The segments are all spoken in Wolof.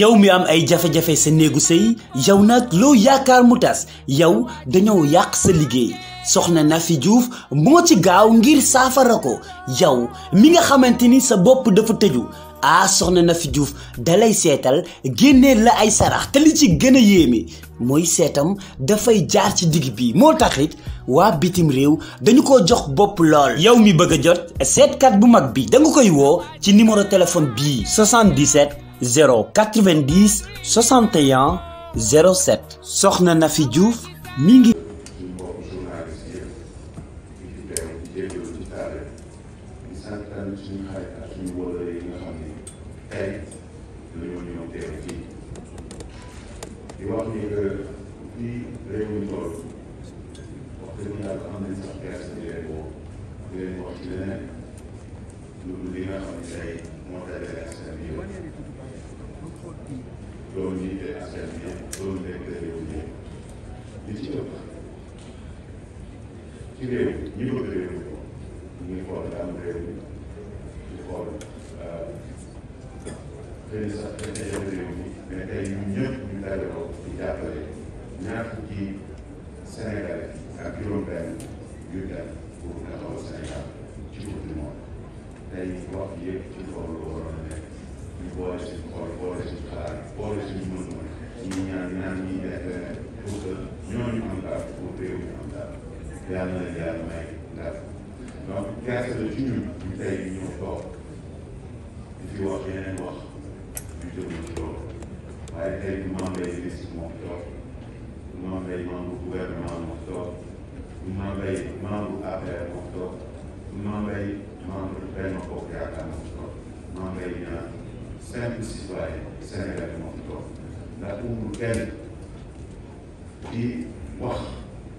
yow mi am ay jafe-jafe sa néegu sëy yow nag loo yaakaar mu tas yow dañoo yàq sa liggéey soxna na fi juuf moo ci gaaw ngir saafara ko yow mi nga xamante ni sa bopp dafa tëju ah soxna na fi juuf dalay seetal génneel la ay sarax te li ci gën a yéeme mooy seetam dafay jaar ci digg bi moo taxit waa bitim réew dañu ko jox bopp lool. yow mi bëgg a jot seetkat bu mag bi da nga koy woo ci numéro téléphone bii 77 090 61 07 soxna na fi Diouf mi ngi. tamit suñu xarit ak suñu wóolare yi nga xam ne tey dañoo ñëw teew fii di wax ni que fii réew mi toll wax dëgg yàlla am nañ sax pexe di leen woo di leen wax ci leneen loolu li nga xam ne tey moo dajale askan bi yëpp loolu ñuy teel askan bi yëpp loolu nekk réew mi yëpp li ci ëpp ci réew ñi bëgg réew mi ñu ngi xool daal réew mi xool xëy sax xëy na réew mi mais tey ñun ñëpp ñu dajaloo di jàppale ñaar fukki Sénégalais ak juróom-benn yu dem pour taxawal Sénégal ci coupe du monde tey wax yëpp ci loolu la waroon a nekk ñu boole suñu xool boole suñu xalaat boole suñu mën-mën ñi ñaan ñaan ñi def leneen pour que ñooñu am daal pour réew mi am daal yàlla na yàlla may daal donc gerte la ci ñun. cinq mille citoyen Sénégal yi moom toog ndax amul kenn di wax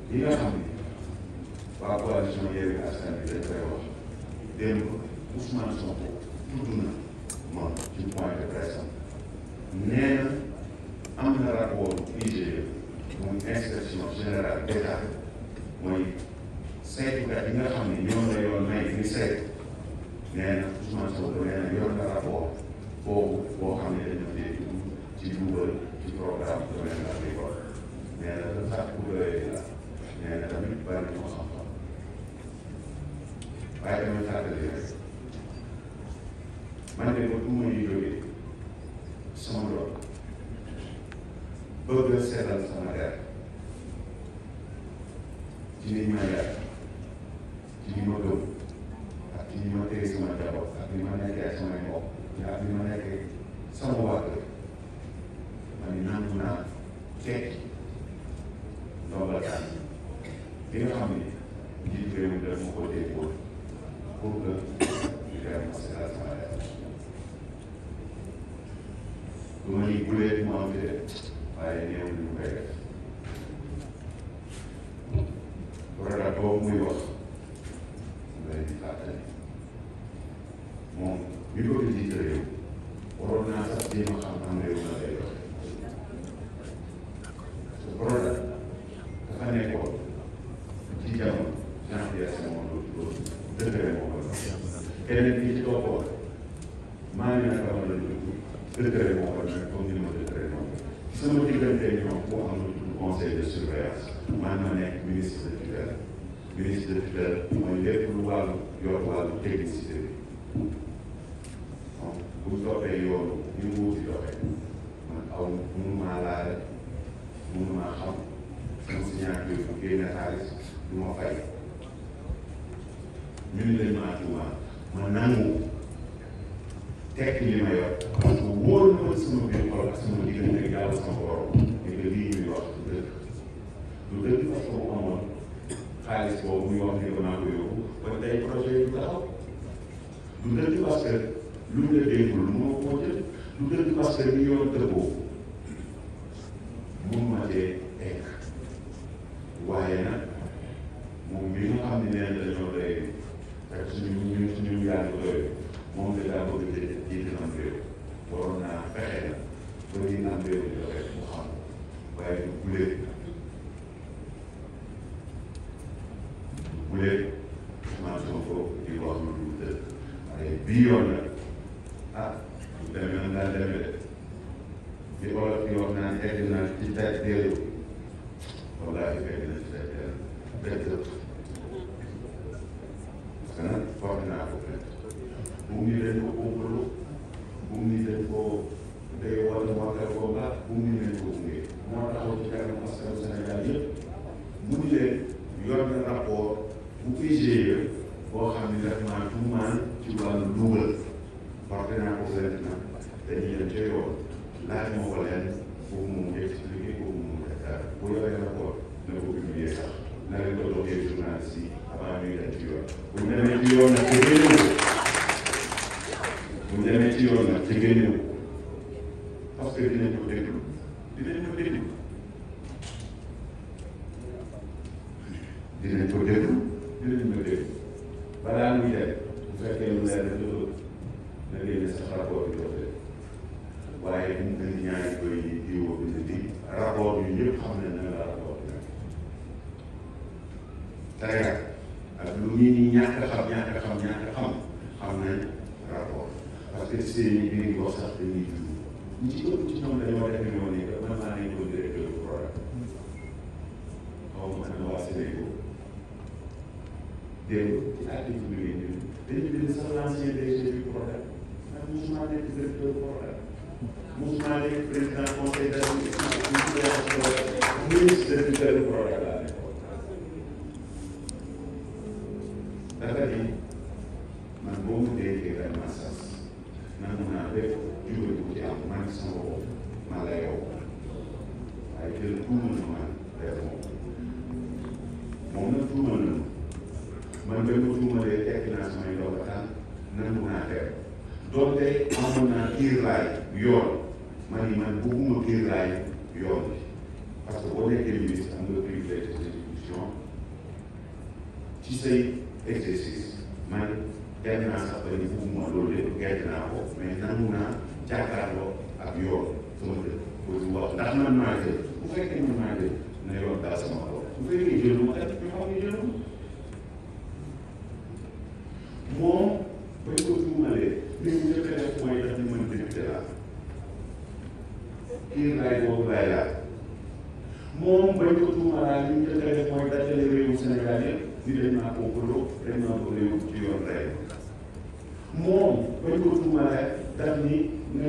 li nga xam ni waa coalition Yewwi Askan Wi dañ koy wax démb Ousmane Sonko tudd na moom ci point de presse nee na am na rapport IGE muy inspection générale d'État mooy saytukat yi nga xam ne ñoom la yoon may ni saytu nee na Ousmane Sonko nee na yor na rapport boobu boo xam ne dañu dee dugg ci dugal ci programme domaine agricole nee na sax sax bu doyee la nee na tamit bari na ko xam-xam waaye dama fàttali rek man de ba du ma ñu jógee sama doom bëgg seetal sama der ci niñ ma yàgg pour que ñu dem considération du ma ni gulee moo am fi de waaye néew ñu koy def décret moo ko nag comme ni ma décret moom sama diggante ñoom mu am lu tudd conseil de surveillance man ma nekk ministre de tutelle ministre de tutelle mooy lépp lu wàllu yor wàllu technicité taxaw du dëgg parce que lu ñu la dénkul moo ko jël du dëgg parce que li yoon dëggoo mun ma cee egg waaye nag moom mi nga xam ne nee na dañoo doy ak suñu ñu suñu yàgg doy moom la daa bëgg di jiite am réew waroon naa fexe la ba di am réew di joxe mu xam waaye du gulee gulee Ousmane Sonko boobu du waaye bii yoon nag ah lu demee na daan demee de li wolof yi wax naan egg na ci taj déeru wallaahi egg na ci taj déeru benn dëkk parce que nag foog naa ko fekk bu mu ni dañ ko umpalu bu mu ni dañ ko day war a waxal ko baax bu mu ni ci yoon nag te génne wu bu ñu demee ci yoon nag te génne wu parce que dinañ ko déglu dinañ ko déglu dinañ ko déglu dinañ ko déglu balaa muy dem bu fekkee lu leer rek la nga génne sax rapport bi mu gën ne na la rapport bi lu ñuy nii ñàkk a xam ñàkk a xam ñàkk a xam xam nañ rapport parce que sëriñ bi ñu wax sax dañuy jiw ñu ci ëpp ci ñoom dañoo def ñoo nekk man maa nañ ko directeur bu programme xaw ma ana waa Sénégal démb ci article bi ngeen jël dañu bind sax l'ancien DG du programme ndax mosuma nekk directeur bu programme mosuma nekk président conseil d'administration ministre du programme détermination yi doo ko tax nangu naa teew doonte amoon naa kiir laay yoon ma ni man bëgguma kiir laay yoon bi parce que boo nekkee ministre am nga privilège des institutions ci say exercice man dem naa sax ba ni bëgguma loolu lépp gerte naa ko mais nangu naa jàkkaarloo ak yoon sama dëkk pour wax ndax man maa jël bu fekkee man maa jël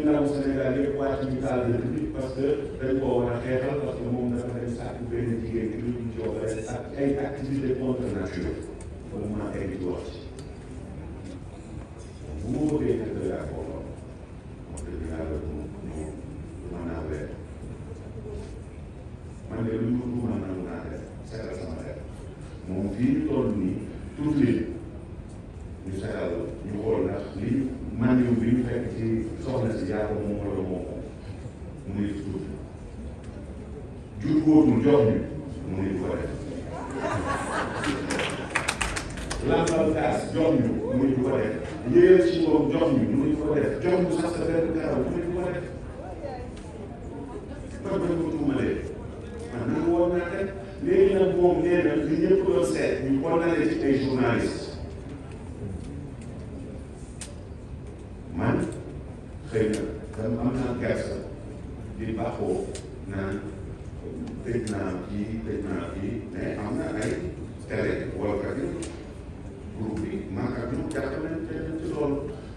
ndaw Sénégal yëpp wàcc ci taal dëkk bi parce que dañ koo war a xeexal parce que moom dafa dem sàkk benn jigéen bi ñu jox ak ay activité contre nature moom maa ngi di wax bu ma bëggee dëgg laa ko woon wax dëgg yàlla du ma naa weer man de lu ñu mën nangu naa def seetal sama def moom fii ñu toll nii tuuti ñu seetal ñu xool ndax lii man yu bi ñu fekk ci soxna si yàlla moom wala moom mu ngi tuut jur góor mu jox ñu mu ngi ko def lambal kaas jox ñu mu ngi ko def yéer ci moom jox ñu mu ngi ko def jox ñu sax sa benn karaw mu ngi ko def kon dañ ko tuumalee man nag woon naa rek léegi nag moom na li ñëpp doon seet làqoo naan tëj naa kii tëj naa kii mais am na ay télé Walfadjri groupe bi maanaam ak ñoom jàppale nañ ci loolu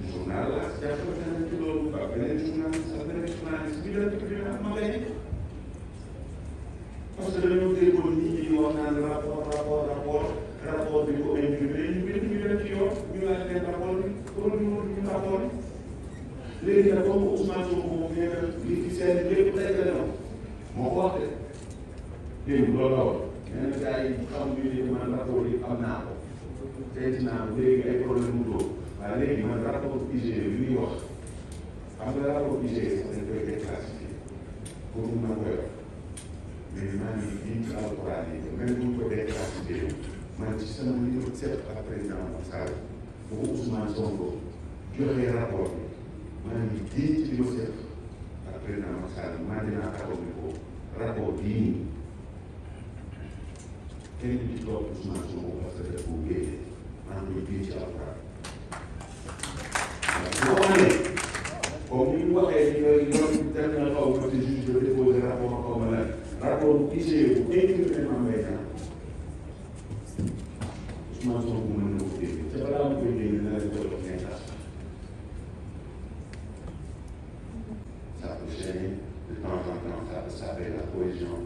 journal la jàppale nañ ci loolu ba beneen journal ak beneen journaliste bi leen tuddee ak ma lay parce que dañoo déggoon nit ñi wax naan rapport rapport rapport rapport bi ko individu ñu bind ñu leen ci yoon ñu laaj leen rapport bi pour ñu rapport bi léegi nag comme Ousmane Sonko nee na li ci seen lépp dajale na moo ko wax de dégg loolu la wax nee na gars yi xam ñu ne man rapport yi am naa ko seeti naa ko léegi ay problème mu dóor waaye léegi man rapport IGE bi muy wax xam nga rapport IGE dañ koy déclassifié pour mun na koy wax mais maa ngi bind ci alxuraan yi même bu ñu ko déclassifié man ci sama numéro sept ak président Macky Sall bu ko Ousmane Sonko joxee rapport bi maanaam ñu génn ci li ma seq ak président Macky Sall maa dinaa taxaw ni ko rapport bii nii kenn du ci toog Ousmane Sonko parce que daf koo génne maanaam ñu génn ci alxuraan boo amee comme ni ñu waxee ni ñooy ñoom dem na xaw ma te juge dafa déposé rapport xaw ma savez, la cohésion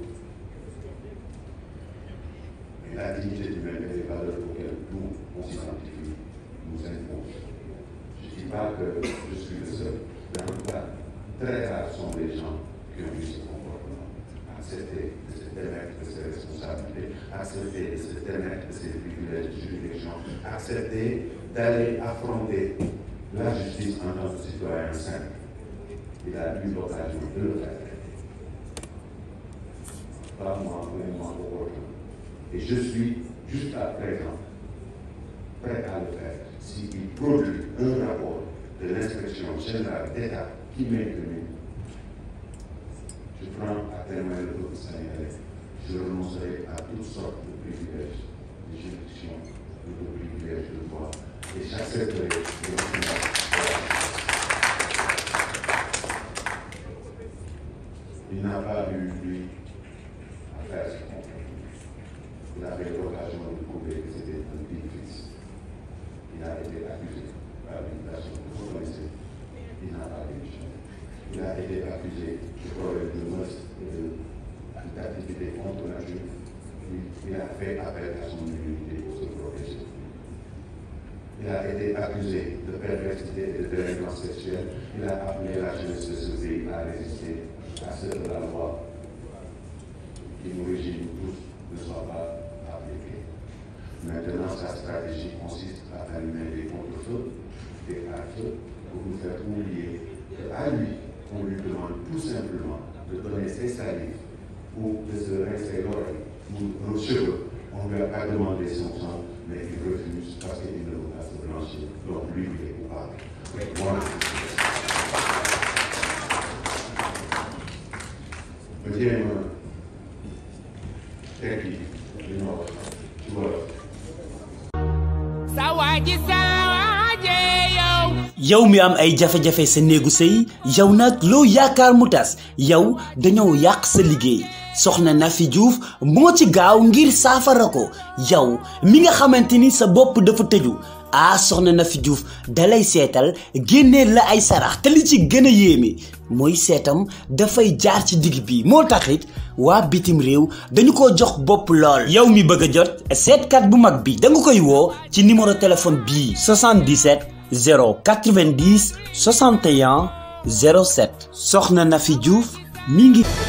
et la dignité humaine et les valeurs auxquelles nous, on s'identifie, nous imposent. Je ne je suis le seul, mais en tout cas, gens qui ont eu comportement. Accepter de se démettre de ses responsabilités, accepter de se démettre de ses privilèges de juridiction, accepter d'aller affronter la justice en tant que citoyen simple. Il a eu l'occasion de le faire. Et je suis, jusqu'à présent, prêt à le faire s'il si produit un rapport de l'inspection générale d'État qui m'incrimine. Je prends à témoin le peuple sénégalais. Je renoncerai à toutes sortes de privilèges, de juridictions, de privilèges de droit, et j'accepterai Il a été accusé de problème de meurtre et d'activité contre nature. Il a fait appel à son immunité pour se protéger. Il a été accusé de perversité et de délinquance sexuelle. Il a appelé la jeunesse de ce pays à résister à ce que la loi qui nous régime tous ne soit pas appliquée. Maintenant, sa stratégie consiste à allumer des contre-feux, des à que à lui, on lui demande tout simplement de donner ses salives ou de se rincer l'oreille ou nos cheveux. On lui a pas demandé son sang, mais il refuse parce qu'il ne veut pas se blanchir. Donc lui, il est coupable. Voilà. ma jéem a tekki li ma wax ci wolof. yow mi am ay jafe-jafe sa néegu sëy yow nag loo yaakaar mu tas yow dañoo yàq sa liggéey soxna na Nafi Diouf moo ci gaaw ngir saafara ko yow mi nga xamante ni sa bopp dafa tëju ah soxna na fi juuf dalay seetal génneel la ay sarax te li ci gën a yéeme mooy seetam dafay jaar ci digg bi moo taxit waa bitim réew dañu ko jox bopp lool. yow mi bëgg a jot seetkat bu mag bi da koy woo ci numéro téléphone bii 77. 090 61 07 soxna Nafi Diouf mi ngi.